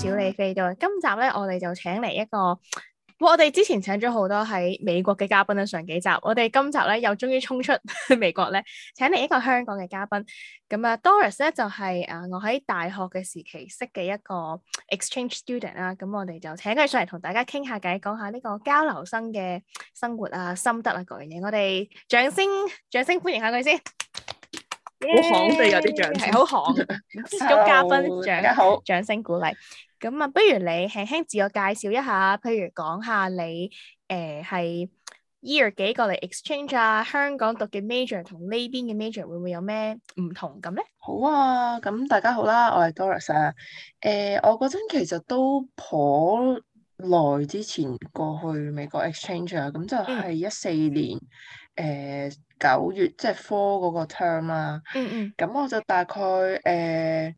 小李飛刀，今集咧我哋就請嚟一個，我哋之前請咗好多喺美國嘅嘉賓啦，上幾集，我哋今集咧又終於衝出美國咧，請嚟一個香港嘅嘉賓，咁啊，Doris 咧就係、是、誒、呃、我喺大學嘅時期識嘅一個 exchange student 啦、啊，咁我哋就請佢上嚟同大家傾下偈，講下呢個交流生嘅生活啊、心得啊各樣嘢，我哋掌聲掌聲歡迎下佢先，好寒地有啲掌聲，好 寒、啊，咁 Hello, 嘉賓掌聲掌聲鼓勵。Hello. 咁啊，不如你輕輕自我介紹一下，譬如講下你誒係 year 幾過嚟 exchange 啊？香港讀嘅 major ma 同呢邊嘅 major 會唔會有咩唔同咁咧？好啊，咁大家好啦，我係 Doris 啊。誒、呃，我嗰陣其實都頗耐之前過去美國 exchange 啊，咁就係一四年誒九、嗯呃、月，即係科嗰個 term 啦、啊。嗯嗯。咁我就大概誒。呃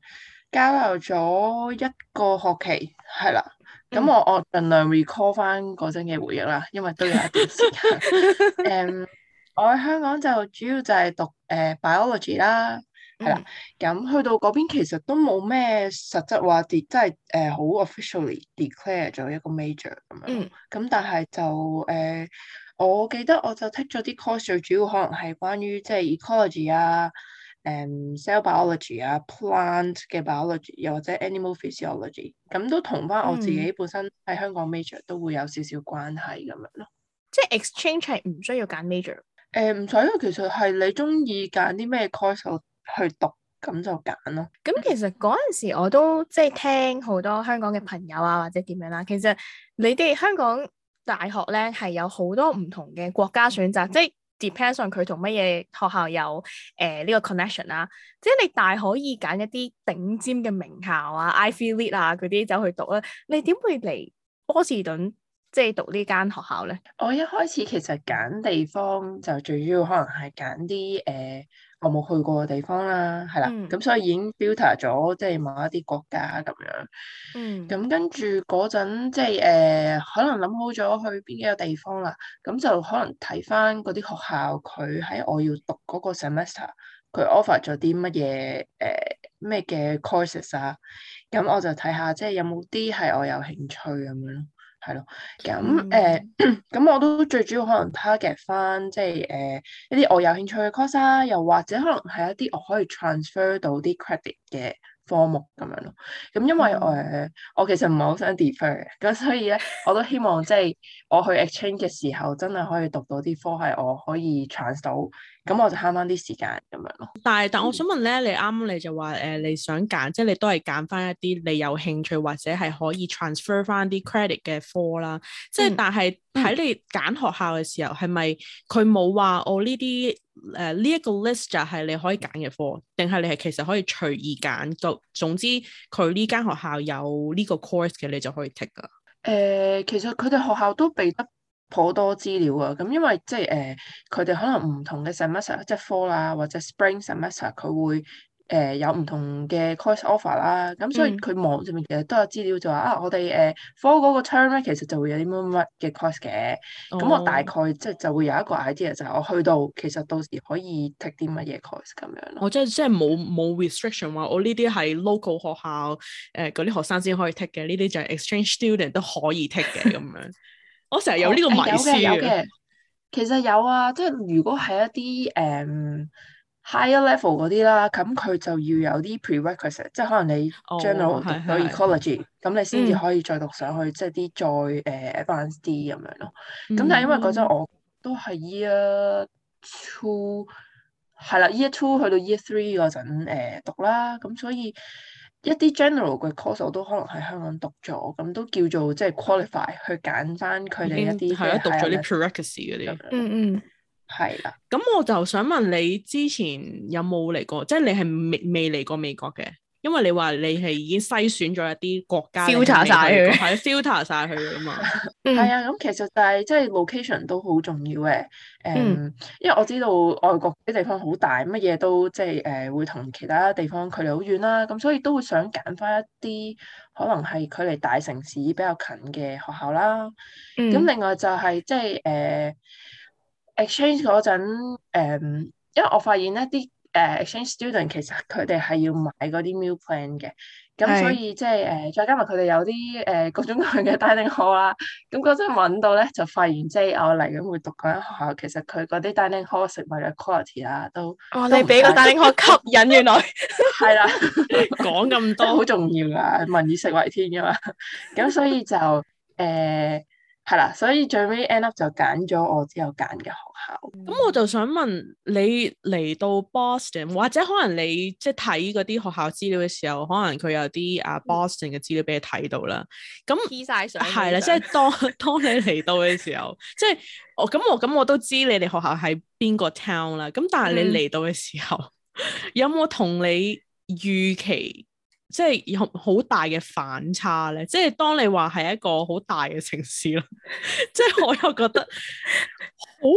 交流咗一個學期，係啦，咁我、嗯、我盡量 recall 翻嗰陣嘅回憶啦，因為都有一段時間。誒， um, 我喺香港就主要就係讀誒、呃、biology 啦，係啦，咁、嗯、去到嗰邊其實都冇咩實質話，即係誒好 officially declare 咗一個 major 咁樣。嗯。咁但係就誒、呃，我記得我就 take 咗啲 course，最主要可能係關於即係 ecology 啊。誒 cell biology 啊，plant 嘅 biology，又或者 animal physiology，咁、嗯、都同翻我自己本身喺香港 major 都會有少少關係咁樣咯。即係 exchange 係唔需要揀 major。誒，唔使，啊，其實係你中意揀啲咩 course 去讀，咁就揀咯。咁、嗯、其實嗰陣時我都即係、就是、聽好多香港嘅朋友啊，或者點樣啦、啊。其實你哋香港大學咧係有好多唔同嘅國家選擇，即、就是 Depends on 佢同乜嘢學校有誒呢、呃這個 connection 啦，即係你大可以揀一啲頂尖嘅名校啊，Ivy League 啊嗰啲走去讀啦。你點會嚟波士頓即係讀呢間學校咧？我一開始其實揀地方就最主要可能係揀啲誒，呃我冇去過嘅地方啦，係啦，咁所以已經 filter 咗，即係某一啲國家咁樣。嗯，咁跟住嗰陣，即係誒，可能諗好咗去邊幾個地方啦，咁就可能睇翻嗰啲學校，佢喺我要讀嗰個 semester，佢 offer 咗啲乜嘢誒咩嘅 courses 啊，咁我就睇下，即係有冇啲係我有興趣咁樣咯。係咯，咁誒，咁、嗯呃、我都最主要可能 target 翻，即係誒一啲我有興趣嘅 course 啦，又或者可能係一啲我可以 transfer 到啲 credit 嘅科目咁樣咯、啊。咁因為誒，嗯、我其實唔係好想 defer，咁所以咧，我都希望即係、就是、我去 exchange 嘅時候，真係可以讀到啲科係我可以 transfer 到。咁、嗯、我就慳翻啲時間咁樣咯。但係，但我想問咧，嗯、你啱啱你就話，誒、呃，你想揀，即係你都係揀翻一啲你有興趣或者係可以 transfer 翻啲 credit 嘅科啦。嗯、即係，但係喺你揀學校嘅時候，係咪佢冇話我呢啲誒呢一個 list 就係你可以揀嘅科，定係你係其實可以隨意揀？就總之，佢呢間學校有呢個 course 嘅，你就可以 tick 㗎。誒、呃，其實佢哋學校都俾得。好多資料啊！咁因為即係誒，佢、呃、哋可能唔同嘅 semester 即係 Fall 啦，或者 spring semester 佢會誒、呃、有唔同嘅 course offer 啦。咁所以佢網上面其實都有資料就話、嗯、啊，我哋誒 Fall 嗰個 term 咧，其實就會有啲乜乜嘅 course 嘅。咁、哦、我大概即係就會有一個 idea 就係我去到其實到時可以 take 啲乜嘢 course 咁樣咯。我真即係即係冇冇 restriction 話我呢啲係 local 學校誒嗰啲學生先可以 take 嘅，呢啲就係 exchange student 都可以 take 嘅咁樣。 我成日有呢個迷思、哦哎、有嘅有嘅，其實有啊，即係如果係一啲誒、嗯、higher level 嗰啲啦，咁佢就要有啲 pre-requisite，即係可能你 general 到 ecology，咁你先至可以再讀上去，嗯、即係啲再誒、呃、advanced 啲咁樣咯。咁、嗯、但係因為嗰陣我都係 year two，係啦 year two 去到 year three 嗰陣誒讀啦，咁所以。一啲 general 嘅 course 我都可能喺香港讀咗，咁都叫做即係 qualify、嗯、去揀翻佢哋一啲係啊，嗯、讀咗啲 pre-requisite 嗰啲。嗯嗯，係啦。咁我就想問你之前有冇嚟過？即係你係未未嚟過美國嘅？因為你話你係已經篩選咗一啲國家，filter 晒佢，係咯，filter 晒佢啊嘛。係、嗯、啊，咁其實就係即係 location 都好重要嘅。誒、um, 嗯，因為我知道外國啲地方好大，乜嘢都即係誒會同其他地方距離好遠啦。咁所以都會想揀翻一啲可能係距離大城市比較近嘅學校啦。咁、嗯、另外就係即係誒 exchange 嗰陣，誒、呃，因為我發現一啲。誒、uh, exchange student 其實佢哋係要買嗰啲 meal plan 嘅，咁所以是即係誒、呃、再加埋佢哋有啲誒、呃、各種各樣嘅 dining hall 啦。咁嗰陣揾到咧，就發現即係、啊、我嚟咁會讀嗰間學校，其實佢嗰啲 dining hall 食物嘅 quality 啊，都、哦、都你俾個 dining hall 吸引，原來係啦。講咁多好 重要㗎，民以食為天㗎嘛。咁所以就誒、呃 係啦，所以最尾 end up 就揀咗我之後揀嘅學校。咁我就想問你嚟到 Boston 或者可能你即係睇嗰啲學校資料嘅時候，可能佢有啲啊 Boston 嘅資料俾你睇到啦。咁 P 曬相係啦，即係當 當你嚟到嘅時候， 即係我咁我咁我都知你哋學校喺邊個 town 啦。咁但係你嚟到嘅時候，嗯、 有冇同你預期？即係有好大嘅反差咧？即係當你話係一個好大嘅城市咯，即係 我又覺得好，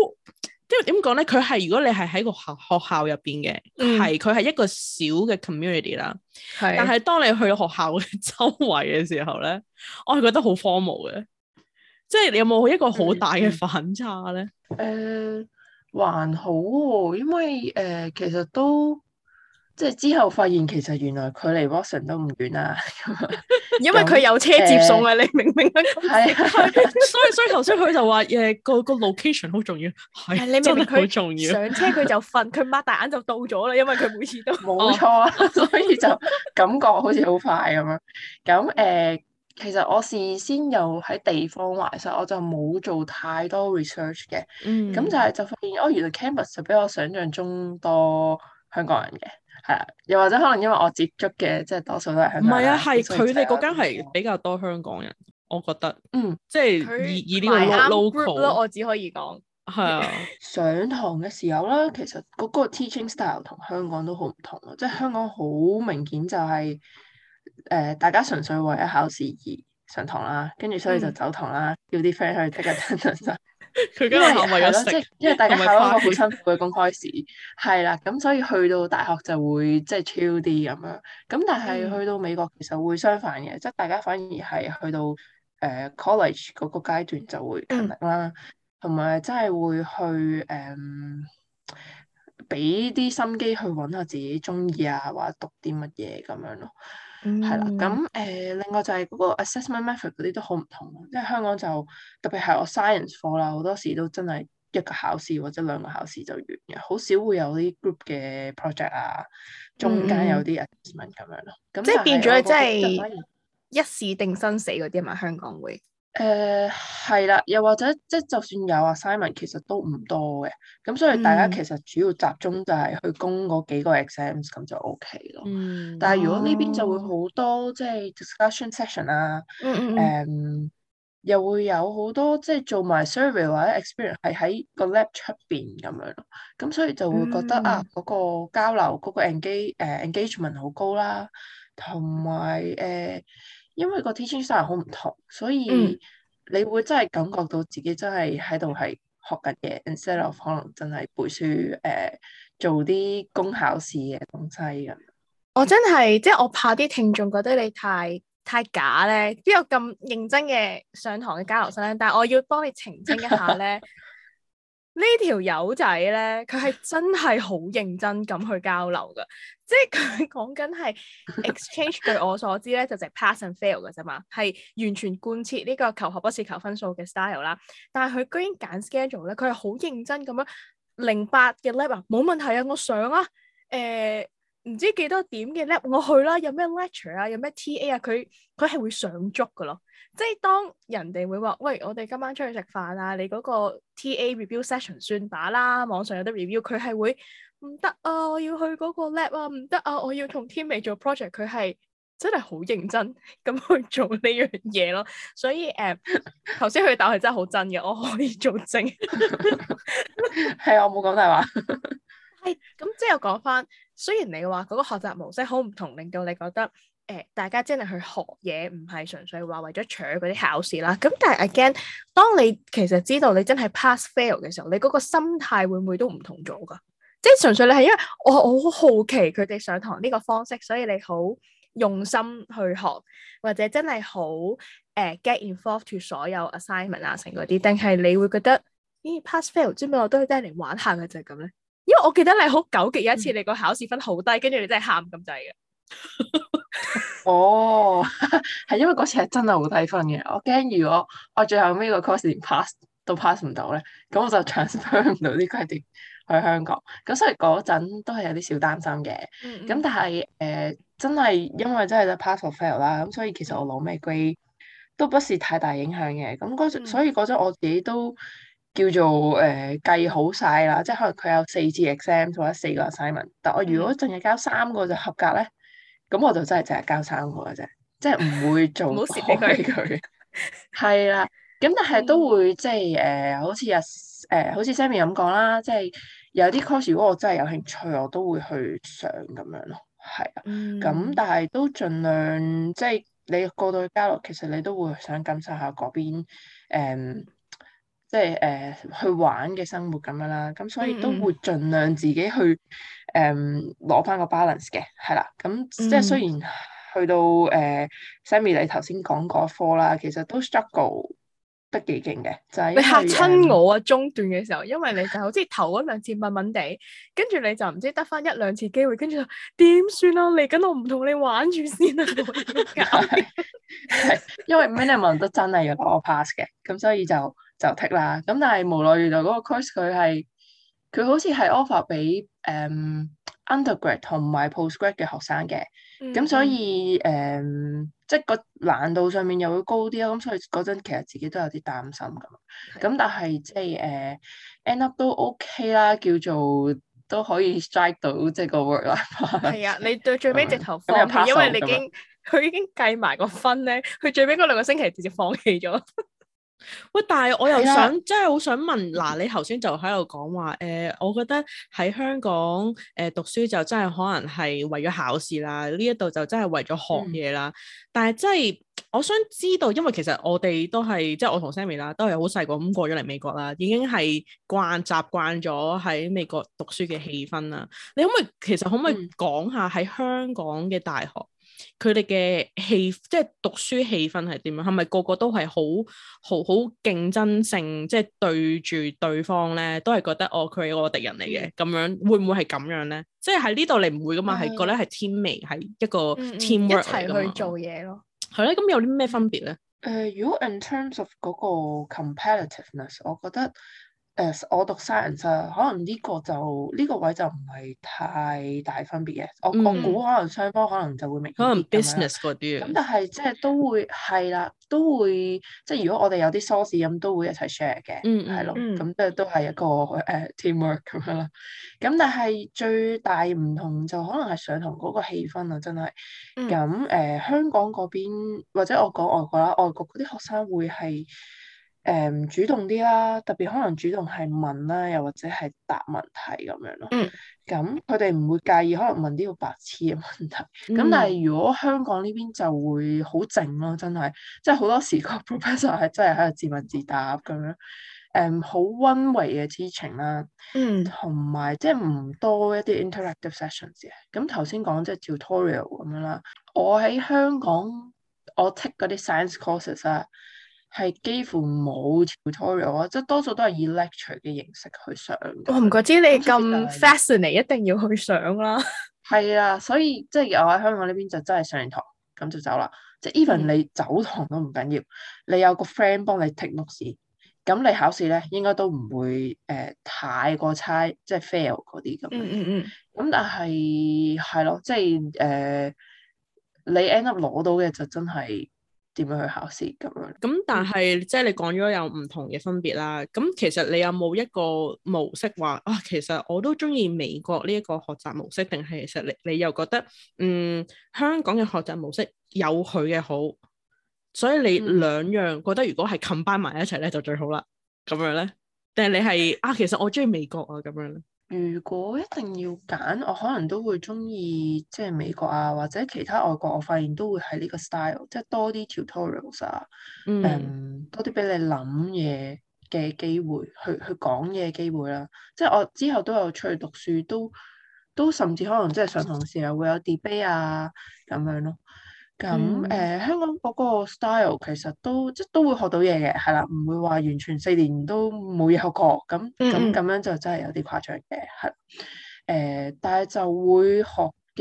即係點講咧？佢係如果你係喺個學學校入邊嘅，係佢係一個小嘅 community 啦。係，但係當你去到學校周圍嘅時候咧，是我係覺得好荒蕪嘅。即係你有冇一個好大嘅反差咧？誒、嗯嗯呃，還好、哦，因為誒、呃，其實都。即係之後發現，其實原來佢離 Watson 都唔遠啦。 因為佢有車接送啊！ 你明唔明啊？係 所以頭先所以佢就話誒個個 location 好重要。係、哎、你明唔明佢上車佢就瞓，佢擘大眼就到咗啦。因為佢每次都冇錯啊，錯哦、所以就感覺好似好快咁樣。咁誒、 呃，其實我事先又喺地方話，所以我就冇做太多 research 嘅。嗯，咁就係就發現哦，原來 Cambridge 就比我想象中多香港人嘅。係啊，又或者可能因為我接觸嘅即係多數都係香港人，唔係啊，係佢哋嗰間係比較多香港人，我覺得嗯，即係以他以呢個 local 咯，我只可以講係啊。的 上堂嘅時候咧，其實嗰個 teaching style 同香港都好唔同咯，即係香港好明顯就係、是、誒、呃，大家純粹為咗考試而上堂啦，跟住所以就走堂啦，嗯、叫啲 friend 去即刻佢今日因為大家考嗰個好辛苦嘅公開試，係啦後，咁所以去到大學就會即係超啲咁樣。咁、就是、但係去到美國其實會相反嘅，即係大家反而係去到誒、呃、college 嗰個階段就會勤力啦，同埋、嗯、真係會去誒俾啲心機去揾下自己中意啊，或者讀啲乜嘢咁樣咯。係啦，咁誒、嗯呃，另外就係嗰個 assessment method 嗰啲都好唔同。即係香港就特別係我 science 課啦，好多時都真係一個考試或者兩個考試就完嘅，好少會有啲 group 嘅 project 啊，中間有啲 assessment 咁、嗯、樣咯、嗯。即係變咗，就是、即係一試定生死嗰啲啊嘛，香港會。誒，係啦、uh,，又或者即係就算有 assignment，其實都唔多嘅，咁所以大家其實主要集中就係去攻嗰幾個 exams，咁就 OK 咯。嗯、但係如果呢邊就會好多、哦、即係 discussion session 啦、啊，誒、嗯嗯嗯，um, 又會有好多即係做埋 survey 或者 experience 係喺個 lab 出邊咁樣，咁所以就會覺得、嗯、啊，嗰、那個交流嗰、那個 engage,、uh, engagement 誒 engagement 好高啦，同埋誒。Uh, 因為個 teacher 生人好唔同，所以你會真係感覺到自己真係喺度係學緊嘢，instead of, 可能真係背書誒、呃，做啲公考試嘅東西咁。我真係，即係我怕啲聽眾覺得你太太假咧，一有咁認真嘅上堂嘅交流生呢，但係我要幫你澄清一下咧。 呢條友仔咧，佢係真係好認真咁去交流噶，即係佢講緊係 exchange。據 我所知咧，就淨係 pass and fail 噶啫嘛，係完全貫徹呢個求學不是求分數嘅 style 啦。但係佢居然揀 schedule 咧，佢係好認真咁樣零八嘅 level 冇問題啊，我想啊，誒、呃。唔知幾多點嘅 lab 我去啦，有咩 lecture 啊，有咩 TA 啊，佢佢係會上足噶咯。即係當人哋會話喂，我哋今晚出去食飯啊，你嗰個 TA review session 算把啦，網上有得 review，佢係會唔得啊，我要去嗰個 lab 啊，唔得啊，我要同天美做 project，佢係真係好認真咁去做呢樣嘢咯。所以誒，頭先佢答我係真係好真嘅，我可以做證，係啊 我冇講大話。 咁即係我講翻，雖然你話嗰個學習模式好唔同，令到你覺得誒、呃，大家真係去學嘢，唔係純粹話為咗取嗰啲考試啦。咁但係 again，當你其實知道你真係 pass fail 嘅時候，你嗰個心態會唔會都唔同咗噶？即係純粹你係因為我我好好奇佢哋上堂呢個方式，所以你好用心去學，或者真係好誒 get involved to 所有 assignment 啊，成嗰啲，定係你會覺得咦、欸、pass fail，最尾我都係得嚟玩下嘅就係咁咧？因為我記得你好糾結，一次你個考試分好低，跟住、嗯、你真係喊咁滯嘅。哦，係因為嗰次係真係好低分嘅，我驚如果我最後尾個 course 連 pass 都 pass 唔到咧，咁我就 transfer 唔到啲 credit 去香港。咁所以嗰陣都係有啲小擔心嘅。咁、嗯嗯、但係誒、呃，真係因為真係就 pass or fail 啦，咁所以其實我攞咩 grade 都不是太大影響嘅。咁嗰陣，所以嗰陣我自己都。嗯叫做誒、呃、計好晒啦，即係可能佢有四次 exam 或者四個 assignment，但我如果淨係交三個就合格咧，咁我就真係淨係交三個嘅啫，即係唔會做。唔好蝕鬼佢。係啦，咁但係都會即係誒、呃，好似誒、啊呃、好似 Sammy 咁講啦，即係有啲 course 如果我真係有興趣，我都會去上咁樣咯，係啦。咁、嗯、但係都盡量即係你過到去交流，其實你都會想感受下嗰邊、嗯即係誒、呃、去玩嘅生活咁樣啦，咁、嗯嗯、所以都會盡量自己去誒攞翻個 balance 嘅，係啦。咁即係雖然去到誒 Sammy 你頭先講嗰科啦，其實都 struggle 得幾勁嘅。就係、是、你嚇親我啊，中段嘅時候，嗯、因為你就好似頭嗰兩次問問地，跟住你就唔知得翻一兩次機會，跟住點算啊？嚟緊我唔同你玩住先啊！ 因為 minimum 都真係要攞個 pass 嘅，咁所以就。就剔啦，咁但係無奈遇到嗰個 course，佢係佢好似係 offer 俾誒、嗯、undergrad 同埋 postgrad 嘅學生嘅，咁、嗯、所以誒、嗯、即係個難度上面又會高啲咯，咁所以嗰陣其實自己都有啲擔心咁。咁的但係即係誒、呃、end up 都 OK 啦，叫做都可以 strike 到即係、這個 work 啦。i 係啊，你對最尾直頭放棄，嗯、因為你已經佢已，樣已經計埋個分咧，佢最尾嗰兩個星期直接放棄咗。 喂，但係我又想，的真係好想問，嗱，你頭先就喺度講話，誒，我覺得喺香港誒、呃、讀書就真係可能係為咗考試啦，呢一度就真係為咗學嘢啦。嗯、但係真係，我想知道，因為其實我哋都係，即係我同 Sammy 啦，都係好細個咁過咗嚟美國啦，已經係慣習慣咗喺美國讀書嘅氣氛啦。你可唔可以，其實可唔可以講下喺香港嘅大學？嗯佢哋嘅氣即係讀書氣氛係點樣？係咪個個都係好好好競爭性？即係對住對方咧，都係覺得哦，佢係我敵人嚟嘅咁樣，會唔會係咁樣咧？即係喺呢度你唔會噶嘛，係、嗯、覺得係 teamwork，係一個 teamwork 一齊去做嘢咯。係咧，咁有啲咩分別咧？誒、嗯呃，如果 in terms of 嗰個 competitiveness，我覺得。誒，我讀、uh, science，啊、mm，可能呢個就呢個位就唔係太大分別嘅。我我估可能雙方可能就會明可能 business 嗰啲，like, yeah, yeah, mm。咁但係即係都會係啦，都會即係如果我哋有啲 Source 咁都會一齊 share 嘅，係咯。咁即係都係一個誒 teamwork 咁樣啦。咁但係最大唔同就可能係上堂嗰個氣氛啊，真係。咁誒，香港嗰邊或者我講外國啦，外國嗰啲學生會係。誒、嗯、主動啲啦，特別可能主動係問啦，又或者係答問題咁樣咯。嗯。咁佢哋唔會介意，可能問啲好白痴嘅問題。嗯。咁但係如果香港呢邊就會好靜咯，真係，即係好多時個 professor 係真係喺度自問自答咁樣。誒，好溫馴嘅 teacher 啦。嗯。同埋、嗯、即係唔多一啲 interactive sessions 嘅。咁頭先講即係 tutorial 咁樣啦。我喺香港，我 take 嗰啲 science courses 啊。係幾乎冇 tutorial 啊，即係多數都係以 lecture 嘅形式去上。我唔、哦、怪之你咁 fascinating，一定要去上啦。係 啊，所以即係又喺香港呢邊就真係上完堂咁就走啦。即係 even 你走堂都唔緊要緊，嗯、你有個 friend 幫你 take note s 咁你考試咧應該都唔會誒、呃、太過差，即係 fail 嗰啲咁。嗯，嗯嗯。咁但係係咯，即係誒、呃，你 end up 攞到嘅就真係。點樣去考試咁樣？咁但係即係你講咗有唔同嘅分別啦。咁其實你有冇一個模式話啊、哦？其實我都中意美國呢一個學習模式，定係其實你你又覺得嗯，香港嘅學習模式有佢嘅好。所以你兩樣覺得如果係 combine 埋一齊咧就最好啦。咁樣咧？定你係啊，其實我中意美國啊，咁樣。如果一定要揀，我可能都會中意即係美國啊，或者其他外國。我發現都會喺呢個 style，即係多啲 tutorials 啊，嗯，嗯，多啲俾你諗嘢嘅機會，去去講嘢機會啦。即係我之後都有出去讀書，都都甚至可能即係上堂時啊會有 debate 啊咁樣咯。咁誒、呃，香港嗰個 style 其實都即都會學到嘢嘅，係啦，唔會話完全四年都冇嘢學過，咁咁咁樣就真係有啲誇張嘅，係誒、呃。但係就會學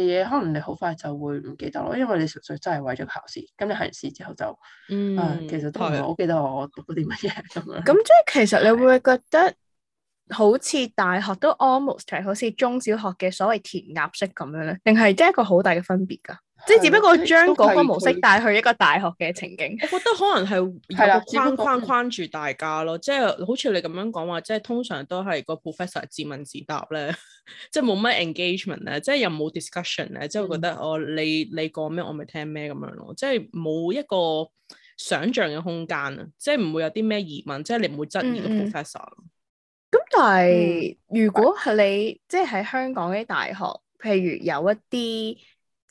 嘅嘢，可能你好快就會唔記得咯，因為你純粹真係為咗考試。咁你考試之後就，嗯、mm hmm. 啊，其實都唔係好記得我讀咗啲乜嘢咁樣。咁的即係其實你會，會覺得好似大學都 almost 係好似中小學嘅所謂填鴨式咁樣咧，定係即係一個好大嘅分別噶？即係只不過將嗰個模式帶去一個大學嘅情景，我覺得可能係有個框框框住大家咯。嗯、即係好似你咁樣講話，即係通常都係個 professor 自問自答咧，即係冇乜 engagement 咧，即係又冇 discussion 咧，即係覺得、嗯、哦，你你講咩我咪聽咩咁樣咯，即係冇一個想象嘅空間啊！即係唔會有啲咩疑問，即係你唔會質疑個 professor。咁但係如果係你即係喺香港嘅大學，譬如有一啲。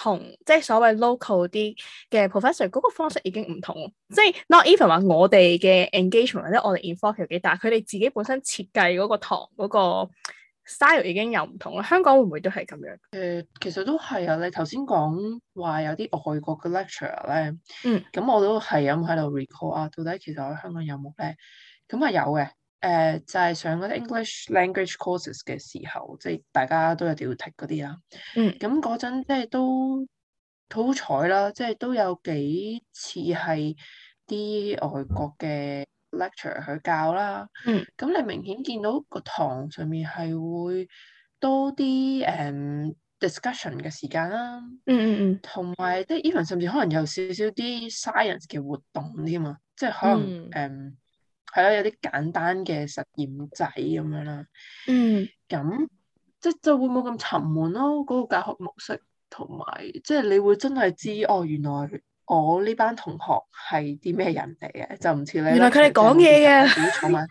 同即係所謂 local 啲嘅 professor 嗰個方式已經唔同，即係 not even 話我哋嘅 engagement 或者我哋 involvement 幾大，佢哋自己本身設計嗰個堂嗰個 style 已經又唔同啦。香港會唔會都係咁樣？誒，其實都係啊！你頭先講話有啲外國嘅 lecture 咧，嗯，咁我都係咁喺度 recall 啊，到底其實喺香港有冇咧？咁啊有嘅。誒，uh, 就係上嗰啲 English language courses 嘅時候，即係大家都有啲要 tick 嗰啲啦。Mm. 嗯。咁嗰陣即係都好彩啦，即係都有幾次係啲外國嘅 lecturer 去教啦。Mm. 嗯。咁你明顯見到個堂上面係會多啲誒、um, discussion 嘅時間啦。嗯嗯嗯。同、hmm. 埋，即係 even 甚至可能有少少啲 science 嘅活動添啊，即係可能誒。Mm. Um, 係咯，有啲簡單嘅實驗仔咁樣啦。嗯，咁即係就會冇咁沉悶咯。嗰個教學模式同埋，即係你會真係知哦，原來我呢班同學係啲咩人嚟嘅，就唔似咧。原來佢哋講嘢嘅，自己坐埋，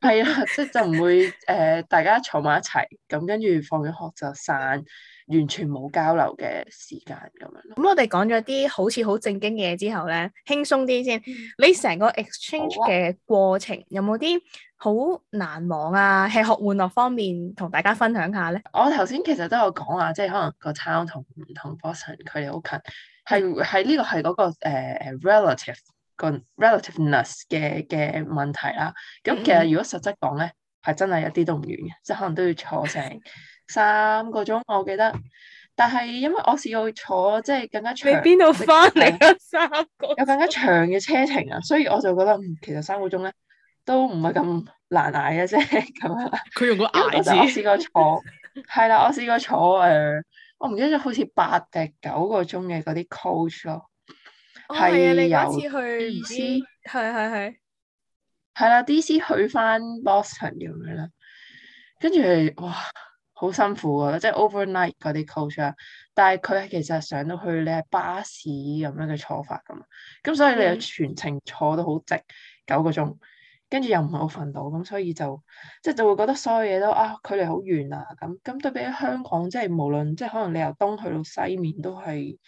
係啊， 即係就唔會誒、呃，大家坐埋一齊咁，跟住放咗學就散。完全冇交流嘅時間咁樣，咁我哋講咗啲好似好正經嘅嘢之後咧，輕鬆啲先。你成個 exchange 嘅過程、啊、有冇啲好難忘啊？吃喝玩樂方面同大家分享下咧。我頭先其實都有講啊，即係可能個餐同唔同 person 距離好近，係係呢個係嗰、嗰個誒、uh, relative 個 relativeness 嘅嘅問題啦。咁其實如果實質講咧，係真係一啲都唔遠嘅，即係可能都要坐成。嗯 三個鐘我記得，但係因為我試過坐即係更加長。喺邊度翻嚟啊？三個有更加長嘅車程啊，所以我就覺得、嗯、其實三個鐘咧都唔係咁難挨嘅啫。咁樣。佢用個挨字。我就試過坐，係啦， 我試過坐誒，uh, 我唔記得好似八定九個鐘嘅嗰啲 coach 咯。係啊，你有一次去 D C 係係係係啦，D C 去翻 Boston 咁樣啦，跟住哇！好辛苦 over night 啊，即係 overnight 嗰啲 culture 但係佢係其實上到去你巴士咁樣嘅坐法咁，咁所以你係全程坐得好直、嗯、九個鐘，跟住又唔係好瞓到，咁所以就即係就,就會覺得所有嘢都啊距離好遠啊咁，咁對比香港即係無論即係可能你由東去到西面都係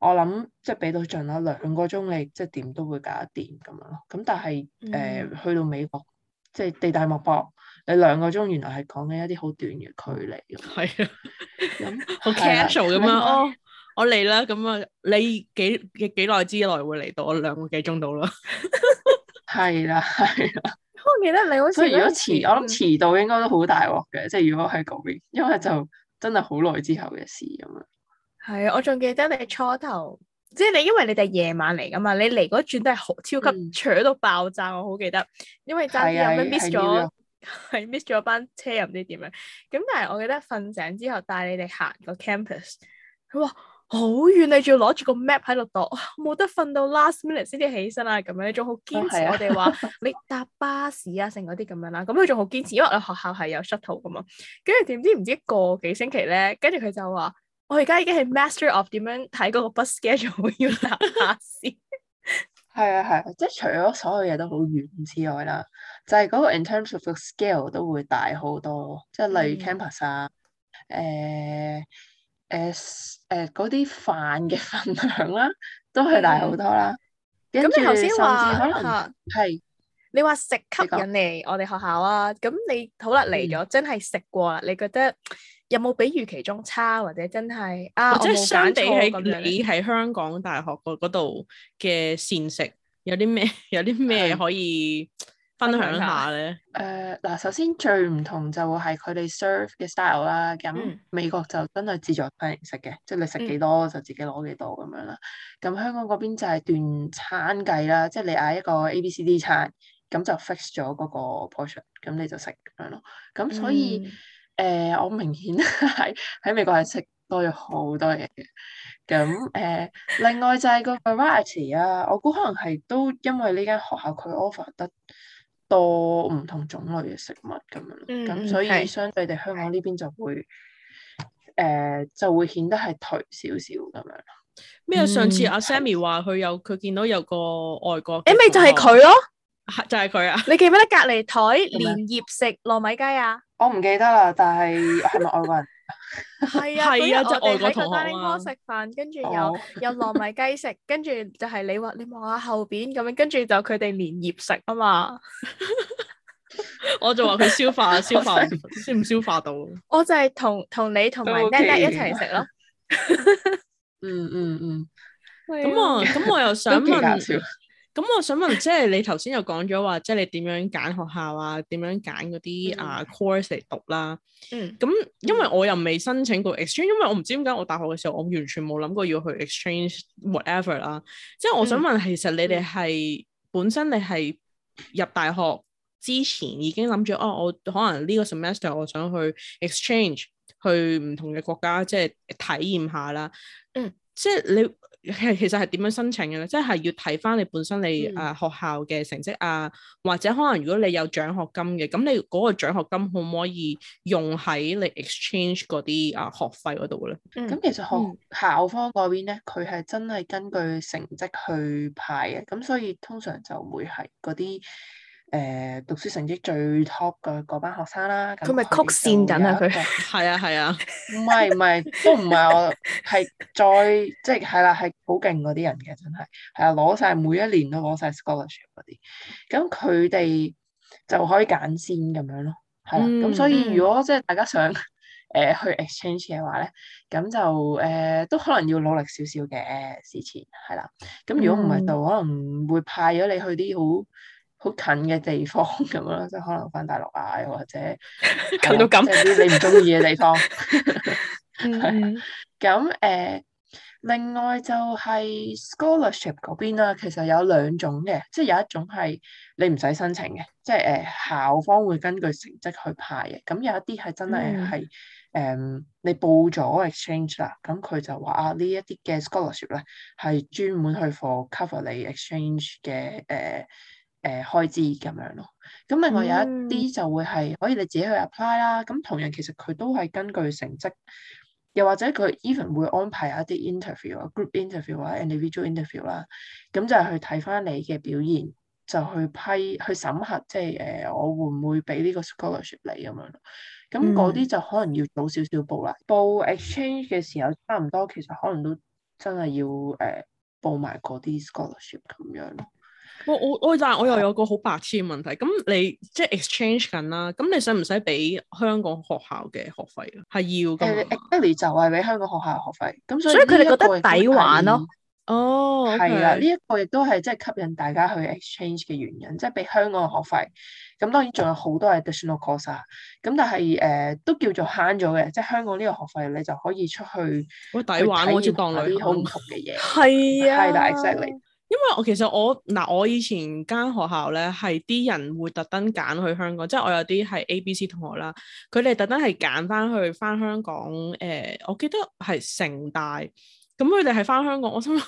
我諗即係比到盡啦，兩個鐘你即係點都會隔一點咁樣咯，咁但係誒、呃嗯、去到美國即係地大物博。你兩個鐘原來係講緊一啲好短嘅距離咯，係啊，咁好 casual 咁樣，哦，我嚟啦，咁啊，你幾幾耐之內會嚟到兩個幾鐘度咯？係啦，係啦。我記得你好似如果遲，我諗遲到應該都好大鑊嘅，即係如果喺嗰邊，因為就真係好耐之後嘅事咁啊。係啊，我仲記得你初頭，即係你因為你哋夜晚嚟㗎嘛，你嚟嗰轉都係好超級扯到爆炸，我好記得，因為爭啲 miss 咗。係 miss 咗班車又唔知點樣，咁但係我記得瞓醒之後帶你哋行個 campus，佢話好遠，你仲要攞住個 map 喺度度，冇得瞓到 last minute 先至起身啊，咁樣你仲好堅持、哦、 我哋話你搭巴士啊，剩嗰啲咁樣啦，咁佢仲好堅持，因為我哋學校係有 shuttle 噶嘛，跟住點知唔知一個幾星期咧，跟住佢就話我而家已經係 master of 點樣睇嗰個 bus schedule 要搭巴士。 係啊係，即係除咗所有嘢都好遠之外啦，就係、是、嗰個 in terms of the scale 都會大好多，即係例如 campus 啊，誒誒誒嗰啲飯嘅分量啦、啊，都係大好多啦、啊。咁、嗯、著你頭先話可能係，你話食吸引嚟我哋學校啊，咁你，說你好啦嚟咗，嗯、真係食過啦，你覺得？有冇比預期中差，或者真係啊？即係相比起你喺香港大學嗰度嘅膳食你有啲咩？有啲咩可以分享下咧？誒嗱，首先最唔同就係佢哋 serve 嘅 style 啦。咁美國就真係自助式食嘅，即係、嗯、你食幾多就自己攞幾多咁樣啦。咁、嗯、香港嗰邊就係斷餐計啦，即、就、係、是、你嗌一個 A、B、C、D 餐，咁就 fix 咗嗰個 portion，咁你就食咁樣咯。咁所以，嗯誒、呃，我明顯係喺美國係食多咗好多嘢嘅，咁誒，呃、 另外就係個 variety 啊，我估可能係都因為呢間學校佢 offer 得多唔同種類嘅食物咁樣，咁、嗯、所以相對地是香港呢邊就會誒、呃、就會顯得係頹少少咁樣。咩？上次阿 Sammy 話佢有佢見到有個外國誒，咪、嗯、就係佢咯。就係佢啊！你記唔記得隔籬台連葉食糯米雞啊？我唔記得啦，但係係咪外國人？係啊係啊，就外國同學食飯，跟住有有糯米雞食，跟住就係你話你望下後邊咁樣，跟住就佢哋連葉食啊嘛。我就話佢消化消化消唔消化到。我就係同同你同埋咩咩一齊食咯。嗯嗯嗯。咁啊，咁我又想問。咁我想問，即係你頭先又講咗話，即係你點樣揀學校啊？點樣揀嗰啲啊 course 嚟讀啦？咁、mm hmm. 因為我又未申請過 exchange，因為我唔知點解我大學嘅時候我完全冇諗過要去 exchange whatever 啦。即係我想問，mm hmm. 其實你哋係、mm hmm. 本身你係入大學之前已經諗住哦，我可能呢個 semester 我想去 exchange 去唔同嘅國家，即係體驗下啦。Mm hmm. 即係你其實係點樣申請嘅咧？即係要睇翻你本身你誒學校嘅成績啊，或者可能如果你有獎學金嘅，咁你嗰個獎學金可唔可以用喺你 exchange 嗰啲啊學費嗰度咧？咁、嗯、其實學校方嗰邊咧，佢係、嗯、真係根據成績去派嘅，咁所以通常就會係嗰啲。誒，讀書成績最 top 嘅嗰班學生啦，啊，佢咪曲線緊啊？佢係啊係啊，唔係唔係都唔係我係再即係啦，係好勁嗰啲人嘅，真係係啊，攞晒每一年都攞晒 scholarship 嗰啲，咁佢哋就可以揀先咁樣咯，係啦，啊，咁所以如果即係大家想誒、呃、去 exchange 嘅話咧，咁就誒、呃、都可能要努力少少嘅，事前係啦，咁、啊、如果唔係就可能會派咗你去啲好。好近嘅地方咁咯，即係可能翻大陸啊，又或者近到咁，即係啲你唔中意嘅地方。咁誒，另外就係 scholarship 嗰邊啦，其實有兩種嘅，即係有一種係你唔使申請嘅，即係誒、呃、校方會根據成績去派嘅。咁有一啲係真係係誒，你報咗 exchange 啦，咁佢就話啊一呢一啲嘅 scholarship 咧係專門去 for cover 你 exchange 嘅誒。呃誒開支咁樣咯，咁、嗯、另外有一啲就會係可以你自己去 apply 啦、嗯。咁同樣其實佢都係根據成績，又或者佢 even 會安排一啲 interview 啊、group interview 啊、individual interview 啦。咁就係去睇返你嘅表現，就去批去審核，即係誒，我會唔會俾呢個 scholarship 你咁樣、嗯？咁嗰啲就可能要早少少報啦。報 exchange 嘅時候差唔多，其實可能都真係要誒、呃、報埋嗰啲 scholarship 咁樣。哦、我我我但係我又有個好白痴嘅問題，咁你即係 exchange 緊啦，咁你使唔使俾香港學校嘅學費啊？係要噶 exactly 就係俾香港學校嘅學費，咁所以佢哋覺得抵玩咯、啊。哦、係、okay. 啊、呢、這、一個亦都係即係吸引大家去 exchange 嘅原因，即係俾香港嘅學費。咁當然仲有好多 additional course 啊，咁但係誒都叫做慳咗嘅，即係香港呢個學費你就可以出去抵、哦、玩，好似當旅遊好唔同嘅嘢，係啊、係啦 exactly 因為我其實我嗱、啊、我以前間學校咧係啲人會特登揀去香港，即係我有啲係 ABC 同學啦，佢哋特登係揀翻去翻香港誒、呃，我記得係城大，咁佢哋係翻香港，我心諗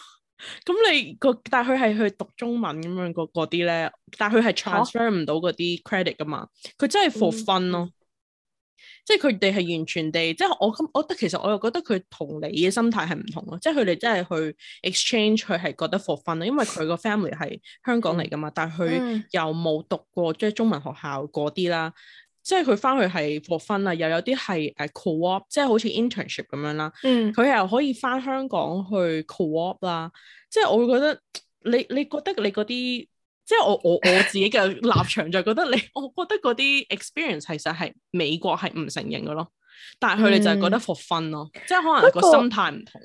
咁 你個但係佢係去讀中文咁樣嗰啲咧，但係佢係 transfer 唔到嗰啲 credit 噶嘛，佢、哦、真係負分咯。即係佢哋係完全地，即係我咁，我覺得其實我又覺得佢同你嘅心態係唔同咯。即係佢哋真係去 exchange，佢係覺得課分啦，因為佢個 family 係香港嚟噶嘛。嗯、但係佢又冇讀過即係中文學校嗰啲啦。即係佢翻去係課分啦，又有啲係誒、uh, co-op，即係好似 internship 咁樣啦。佢、嗯、又可以翻香港去 co-op 啦。即係我會覺得你，你覺得你嗰啲。即係我我我自己嘅立場就覺得你， 我覺得嗰啲 experience 其實係美國係唔承認嘅咯，但係佢哋就係覺得 for fun 咯，嗯、即係可能個心態唔同。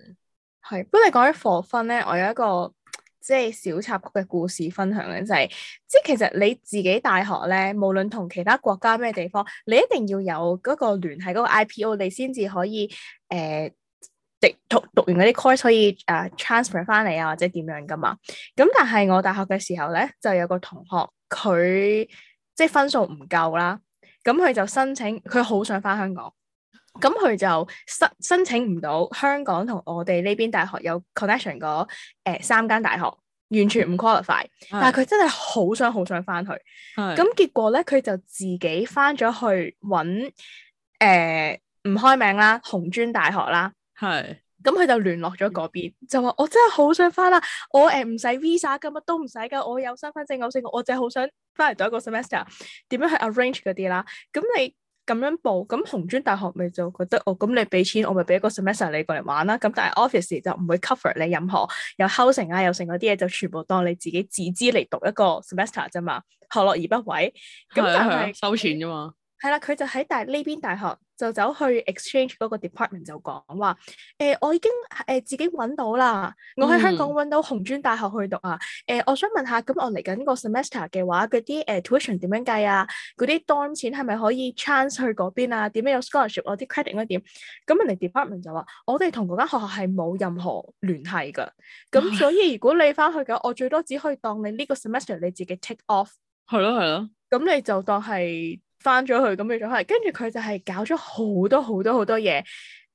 係、嗯，不過你講起 for fun 咧，我有一個即係小插曲嘅故事分享咧、就是，就係即係其實你自己大學咧，無論同其他國家咩地方，你一定要有嗰個聯繫嗰、那個 IPO，你先至可以誒。呃即讀，讀完嗰啲 course 可以誒、呃、transfer 翻嚟啊，或者點樣噶嘛？咁但係我大學嘅時候咧，就有個同學佢即係分數唔夠啦，咁佢就申請，佢好想翻香港，咁佢就申申請唔到香港同我哋呢邊大學有 connection 嗰、呃、三間大學，完全唔 qualify，是但係佢真係好想好想翻去，咁是結果咧佢就自己翻咗去揾誒唔開名啦，紅磚大學啦。係，咁佢、嗯、就聯絡咗嗰邊，嗯、就話我真係好想翻啦，嗯、我誒唔使 visa 嘅，乜都唔使嘅，我有身份證有性，有證、哦，我就係好想翻嚟讀一個 semester，點樣去 arrange 嗰啲啦？咁你咁樣報，咁紅磚大學咪就覺得哦，咁你俾錢，我咪俾一個 semester 你過嚟玩啦。咁但係 office 就唔會 cover 你任何有 housing 啊，有成嗰啲嘢就全部當你自己自資嚟讀一個 semester 啫嘛，何樂而不為。咁、啊啊、收錢啫嘛。係啦，佢就喺大呢邊大學就走去 exchange 嗰個 department 就講話，誒、呃，我已經誒、呃、自己搵到啦，我喺香港搵到紅磚大學去讀啊。誒、嗯呃，我想問下，咁我嚟緊個 semester 嘅話，嗰啲誒 tuition 點樣計啊？嗰啲 dorm 錢係咪可以 charge 去嗰邊啊？點樣有 scholarship？我啲 credit 應該點？咁人哋 department 就話，我哋同嗰間學校係冇任何聯繫噶。咁所以如果你翻去嘅，我最多只可以當你呢個 semester 你自己 take off。係咯係咯。咁你就當係。翻咗去咁佢再翻嚟，跟住佢就係搞咗好多好多好多嘢，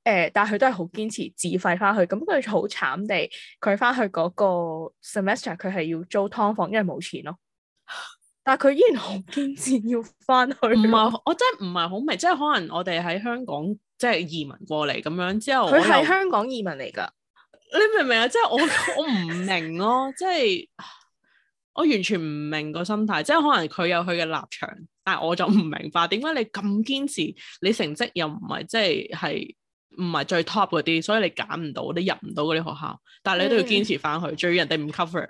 誒！但係佢都係好堅持自費翻去。咁佢好慘地，佢翻去嗰個 semester，佢係要租劏房，因為冇錢咯。但係佢依然好堅持要翻去。唔係，我真係唔係好明，即係可能我哋喺香港即係移民過嚟咁樣之後，佢係香港移民嚟㗎。你明唔 明啊？即係我我唔明咯，即係我完全唔明個心態。即係可能佢有佢嘅立場。但係我就唔明白點解你咁堅持？你成績又唔係，即係唔係最 top 嗰啲，所以你揀唔到，你入唔到嗰啲學校。但係你都要堅持翻去，最、嗯、人哋唔 cover。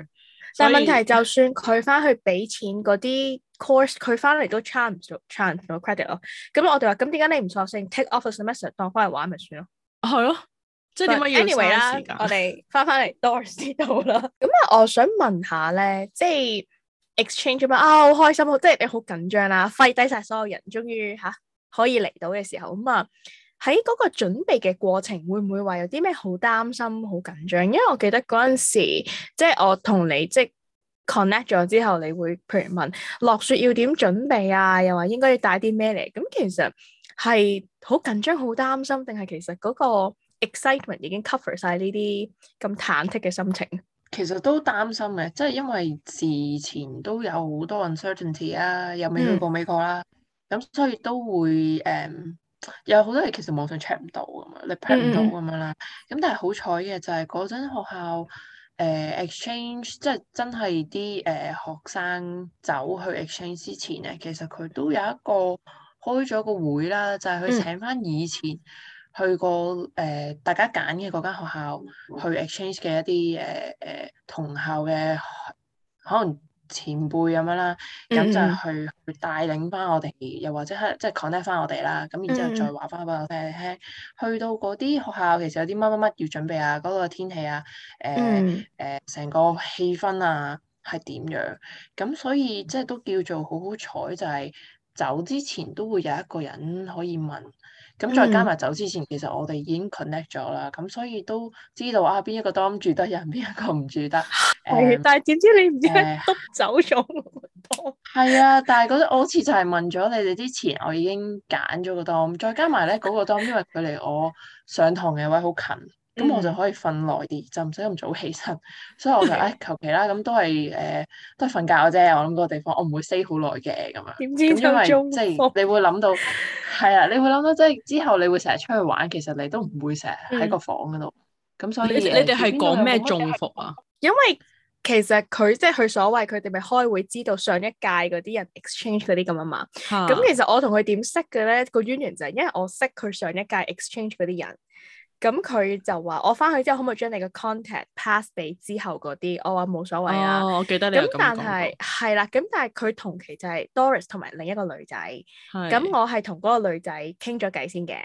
但係問題，就算佢翻去俾錢嗰啲 course，佢翻嚟都 charge 唔到 charge 唔到 credit 咯。咁我哋話，咁點解你唔索性 take off a semester 當翻嚟玩咪算咯？係咯，即係點解？Anyway 要啦，我哋翻翻嚟多啲都好啦。咁啊，我，is, 我想問下咧，即係。Exchange 嘛，啊，好開心，即係你好緊張啦，揮低晒所有人，終於吓可以嚟到嘅時候，咁啊喺嗰個準備嘅過程會唔會話有啲咩好擔心好緊張？因為我記得嗰陣時即係我同你即係 connect 咗之後，你會譬如問落雪要點準備啊，又話應該要帶啲咩嚟，咁其實係好緊張好擔心定係其實嗰個 excitement 已經 cover 晒呢啲咁忐忑嘅心情。其實都擔心嘅，即係因為事前都有好多 uncertainty 啊，又未去過美國啦，咁、嗯、所以都會誒、um, 有好多嘢其實網上 check 唔到咁樣，你 plan 唔到咁樣啦。咁、嗯、但係好彩嘅就係嗰陣學校誒、呃、exchange，即係真係啲誒學生走去 exchange 之前咧，其實佢都有一個開咗個會啦，就係、是、佢請翻以前，嗯去過誒、呃、大家揀嘅嗰間學校去 exchange 嘅一啲誒誒同校嘅可能前輩咁樣啦，咁就係去，去帶領翻我哋，又或者係即係 connect 翻我哋啦。咁然之後再話翻俾我聽聽。嗯嗯去到嗰啲學校其實有啲乜乜乜要準備啊，嗰個天氣啊，誒誒成個氣氛啊係點樣？咁所以即係都叫做好好彩，就係走之前都會有一個人可以問。咁、嗯、再加埋走之前，其實我哋已經 connect 咗啦，咁所以都知道啊，邊一個 dorm 住得人，邊一個唔住得。係，但係點知你唔知都走咗好多。係 啊，但係嗰陣我好似就係問咗你哋之前，我已經揀咗個 dorm，再加埋咧嗰個 dorm，因為佢離我上堂嘅位好近。 咁、嗯、我就可以瞓耐啲，就唔使咁早起身，所以我就唉求其啦，咁、哎、都係誒、呃，都係瞓覺啫。我諗嗰個地方，我唔會，會 stay 好耐嘅咁樣。點知有中？即、就、係、是、你會諗到，係 啊，你會諗到，即、就、係、是、之後你會成日出去玩，其實你都唔會成日喺個房嗰度。咁、嗯、所以你哋係講咩中伏啊？因為其實佢即係佢所謂佢哋咪開會知道上一屆嗰啲人 exchange 嗰啲咁啊嘛。咁其實我同佢點識嘅咧？那個淵源就係因為我識佢上一屆 exchange 嗰啲人。咁佢就話：我翻去之後可唔可以將你嘅 contact pass 俾之後嗰啲？我話冇所謂啊、哦，我記得你咁講，咁但係係啦，咁但係佢同期就係 Doris 同埋另一個女仔。係是。咁、嗯、我係同嗰個女仔傾咗偈先嘅。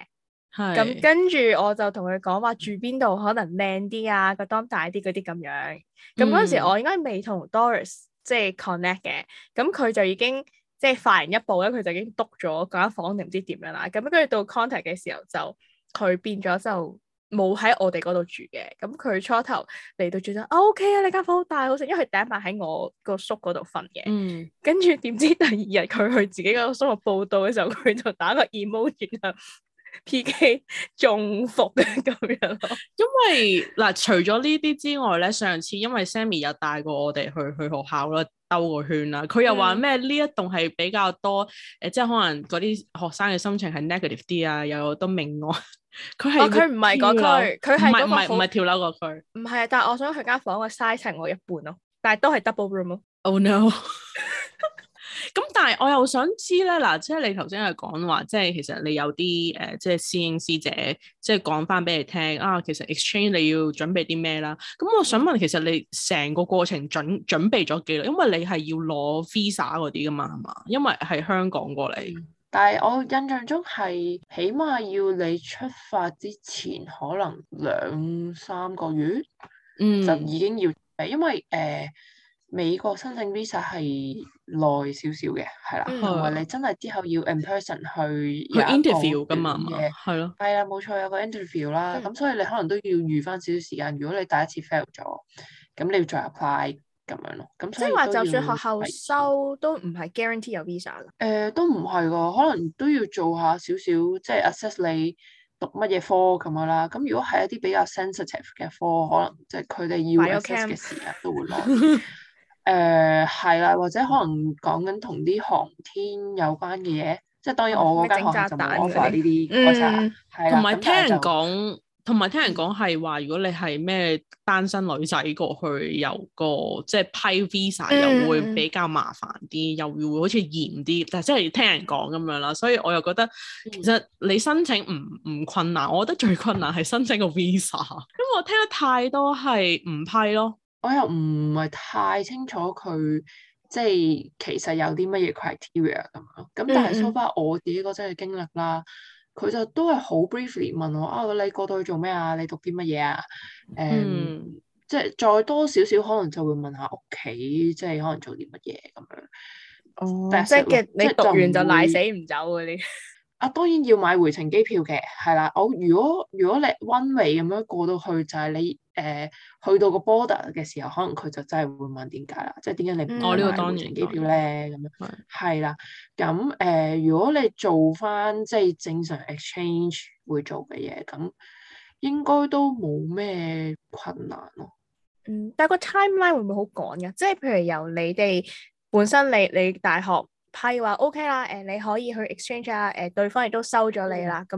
係是。咁、嗯、跟住我就同佢講話住邊度可能靚啲啊，個湯大啲嗰啲咁樣。咁嗰陣時我應該未同 Doris 即係 connect 嘅。咁、嗯、佢、嗯、就已經即係快人一步咧，佢就已經篤咗嗰間房定唔知點樣啦。咁跟住到 contact 嘅時候就佢變咗就。冇喺我哋嗰度住嘅，咁佢初頭嚟到住就、啊、OK 啊，你間房大好大好食，因為佢第一晚喺我個叔嗰度瞓嘅，跟住點知第二日佢去自己個叔度報到嘅時候，佢就打個 e m o 然後。 P. K. 中伏啊，咁樣咯。因為嗱，除咗呢啲之外咧，上次因為 Sammy 有帶過我哋去去學校啦，兜個圈啦。佢又話咩？呢、嗯、一棟係比較多誒、呃，即係可能嗰啲學生嘅心情係 negative 啲啊，又有好多命案。佢係哦，佢唔係嗰區，佢係唔係唔係跳樓區？唔係啊，但係我想佢間房嘅 size 係我一半咯，但係都係 double room 咯。Oh no！咁、嗯、但係我又想知咧，嗱、啊，即係你頭先係講話，即係其實你有啲誒、呃，即係師兄師姐，即係講返俾你聽啊，其實 exchange 你要準備啲咩啦？咁我想問，其實你成個過程準準備咗幾耐？因為你係要攞 visa 嗰啲㗎嘛，係嘛？因為係香港過嚟、嗯。但係我印象中係起碼要你出發之前，可能兩三個月，嗯、就已經要，因為誒。呃美國申請 visa 係耐少少嘅，係啦，嗯、因為你真係之後要 in person 去，佢 interview 㗎嘛，係咯，係啊，冇錯有個 interview 啦，咁、嗯、所以你可能都要預翻少少時間。如果你第一次 fail 咗，咁你要再 apply 咁樣咯，咁所以即係話就算學校收樣都唔係 guarantee 有 visa 啦。誒，都唔係㗎，可能都要做下少少，即、就、係、是、assess 你讀乜嘢科咁㗎啦。咁如果係一啲比較 sensitive 嘅科，可能即係佢哋要 assess 嘅時間都會耐。Bio chem. 誒係啦，或者可能講緊同啲航天有關嘅嘢，嗯、即係當然我嗰間行就呢啲。同埋聽人講，同埋、嗯、聽人講係話，如果你係咩單身女仔過去，有個即係批 visa 又會比較麻煩啲，嗯、又會好似嚴啲，但係即係要聽人講咁樣啦。所以我又覺得其實你申請唔唔困難，我覺得最困難係申請個 visa。咁我聽得太多係唔批咯。我又唔係太清楚佢即係其實有啲乜嘢 criteria 咁樣，咁但係收返我自己嗰陣嘅經歷啦，佢、嗯嗯、就都係好 briefly 問我啊，你過到去做咩啊？你讀啲乜嘢啊？誒、um, 嗯，即係再多少少可能就會問下屋企，即係可能做啲乜嘢咁樣。哦，即係嘅，你讀完就賴死唔走嗰、啊、啲。啊，當然要買回程機票嘅，係啦。我如果如果你 one way 咁樣過到去，就係、是、你。誒、uh, 去到個 border 嘅時候，可能佢就真係會問點解啦，即係點解你唔多呢、嗯哦這個當然機票咧咁樣係啦。咁誒的的、呃，如果你做翻即係正常 exchange 會做嘅嘢，咁應該都冇咩困難咯、啊。嗯，但係個 timeline 會唔會好趕噶？即係譬如由你哋本身你，你你大學。批話 OK 啦，誒，你可以去 exchange 啊，誒，對方亦都收咗你啦。咁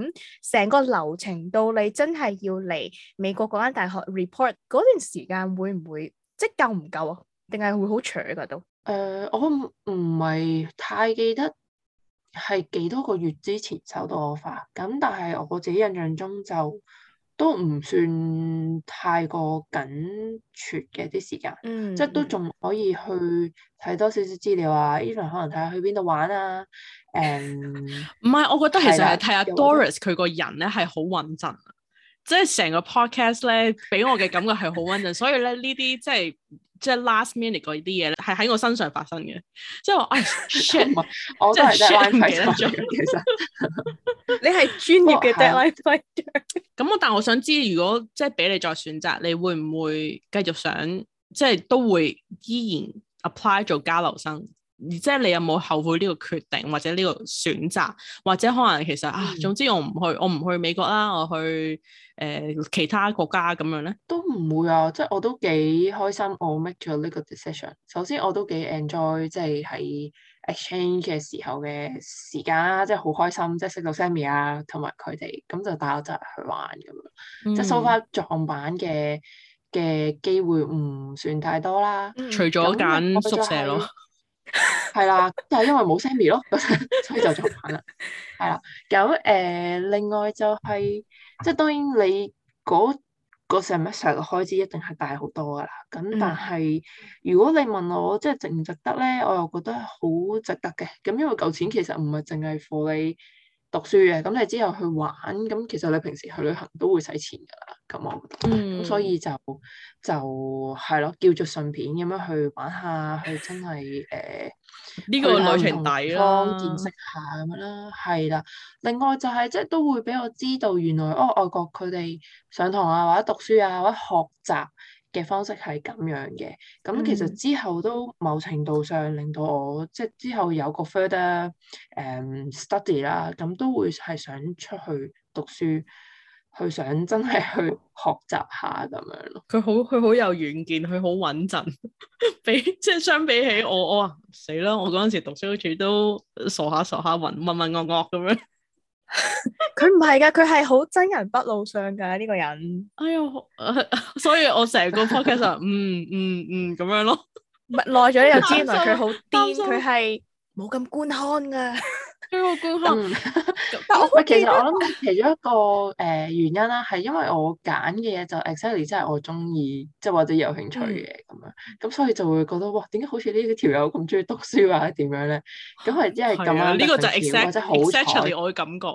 成、嗯、個流程到你真係要嚟美國嗰間大學 report 嗰段時間，會唔會即係夠唔夠啊？定係會好長噶、啊、都？誒、呃，我唔係太記得係幾多個月之前收到我發，咁但係我自己印象中就。嗯都唔算太過緊缺嘅啲時間，嗯、即係都仲可以去睇多少少資料啊。依輪可能睇下去邊度玩啊？誒、嗯，唔係， 我覺得其實係睇下 Doris 佢個人咧係好穩陣，即係成個 podcast 咧俾我嘅感覺係好穩陣， 所以咧呢啲即係。即係 last minute 嗰啲嘢咧，係喺我身上發生嘅。即係我、哎、shit 我真係 shit 其實 你係專業嘅 deadline 規劃。咁我但係我想知，如果即係俾你再選擇，你會唔會繼續想？即係都會依然 apply 做交流生。而即係你有冇後悔呢個決定或者呢個選擇，或者可能其實、嗯、啊，總之我唔去，我唔去美國啦，我去誒、呃、其他國家咁樣咧？都唔會啊，即係我都幾開心，我 make 咗呢個 decision。首先我都幾 enjoy 即係喺 exchange 嘅時候嘅時間啊，即係好開心，即係識到 Sammy 啊，同埋佢哋咁就帶我入去玩咁樣，嗯、即係 so far 撞板嘅嘅機會唔算太多啦。嗯、那除咗揀宿舍咯。係啦，就係 因為冇 semi 咯， 所以就作反啦。係啦，咁誒、呃，另外就係、是，即係當然你嗰、那個 semester 嘅開支一定係大好多噶啦。咁但係如果你問我即係值唔值得咧，我又覺得係好值得嘅。咁因為舊錢其實唔係淨係 for 你。讀書嘅，咁你之後去玩，咁其實你平時去旅行都會使錢噶啦，咁我覺得，咁、嗯、所以就就係咯，叫做順便咁樣去玩下，去真係誒、呢、呃、個旅程抵咯，見識下咁樣啦，係啦，另外就係即係都會俾我知道，原來哦外國佢哋上堂啊，或者讀書啊，或者學習。嘅方式係咁樣嘅，咁其實之後都某程度上令到我即係之後有個 further 誒、um, study 啦，咁都會係想出去讀書，去想真係去學習下咁樣咯。佢好佢好有遠見，佢好穩陣， 比即係相比起我，我話死啦！我嗰陣時讀書好似都傻下傻下，渾渾噩噩咁樣。佢唔係噶，佢係好真人不露相噶呢個人。哎呀、呃，所以我成個 podcast, 嗯嗯嗯咁樣咯，耐咗又知原來佢好癲，佢係冇咁觀看噶。 其實我諗其中一個誒、呃、原因啦，係因為我揀嘅嘢就 exactly 即係我中意，即係或者有興趣嘅嘢咁樣，咁所以就會覺得哇，點解好似呢條友咁中意讀書或者點樣咧？咁係因為咁樣，呢、這個就 ex actly, exactly 即係好彩我嘅感覺。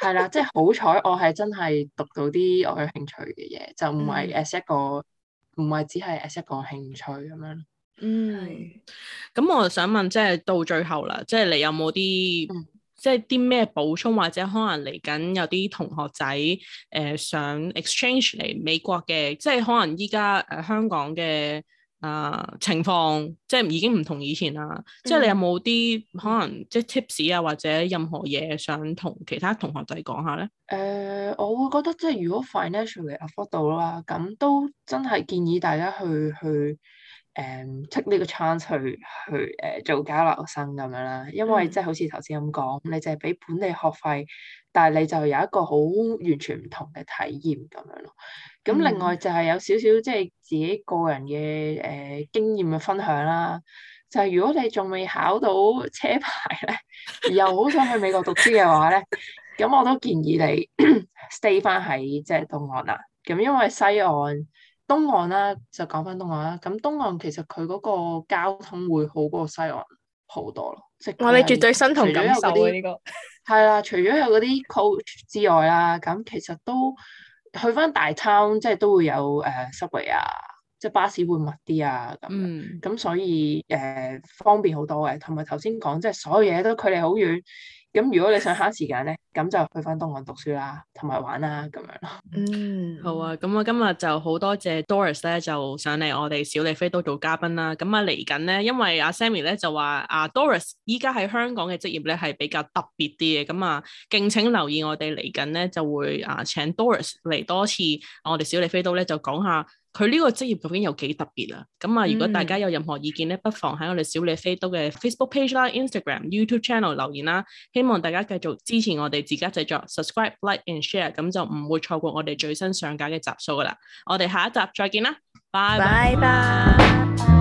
係 啦，即、就、係、是、好彩，我係真係讀到啲我有興趣嘅嘢，就唔係 as 一個，唔係、嗯、只係 as 一個興趣咁樣。嗯，咁是、嗯、我就想問，即、就、係、是、到最後啦，即、就、係、是、你有冇啲，即係啲咩補充或者可能嚟緊有啲同學仔誒、呃，想 exchange 嚟美國嘅，即、就、係、是、可能依家誒香港嘅啊、呃、情況，即、就、係、是、已經唔同以前啦。即係、嗯、你有冇啲可能即係、就是、tips 啊，或者任何嘢想同其他同學仔講下咧？誒、呃，我會覺得即係如果 financially afford 到啦，咁都真係建議大家去去。誒，take 呢個 chance 去去誒、uh, 做交流生咁樣啦，因為即係好似頭先咁講，嗯、你就係俾本地學費，但係你就有一個好完全唔同嘅體驗咁樣咯。咁另外就係有少少即係自己個人嘅誒、uh, 經驗嘅分享啦。就係、是，如果你仲未考到車牌咧，又好想去美國讀書嘅話咧，咁我都建議你 stay 翻喺即係東岸啦。咁因為西岸。東岸啦、啊，就講翻東岸啦、啊。咁東岸其實佢嗰個交通會好過西岸好多咯。我哋哇是絕對身同感受嘅、啊、呢、這個。係啦、啊，除咗有嗰啲 coach 之外啦、啊，咁其實都去翻大 town，即係都會有誒 subway 啊，即係巴士會密啲啊咁咁、嗯、所以誒、uh, 方便好多嘅，同埋頭先講即係所有嘢都距離好遠。咁如果你想慳時間咧，咁就去翻東岸讀書啦，同埋玩啦，咁樣咯。嗯， 好啊，咁我今日就好多謝 Doris 咧，就上嚟我哋小李飛刀做嘉賓啦。咁啊，嚟緊咧，因為阿 Sammy 咧就話啊，Doris 依家喺香港嘅職業咧係比較特別啲嘅，咁啊，敬請留意我哋嚟緊咧就會啊請 Doris 嚟多次，我哋小李飛刀咧就講下。佢呢個職業究竟有幾特別啊？咁啊，如果大家有任何意見咧，不妨喺我哋小李飛刀嘅 Facebook page 啦、Instagram、YouTube channel 留言啦，希望大家繼續支持我哋自家製作，subscribe、like and share，咁就唔會錯過我哋最新上架嘅集數㗎喇，我哋下一集再見啦，拜拜拜。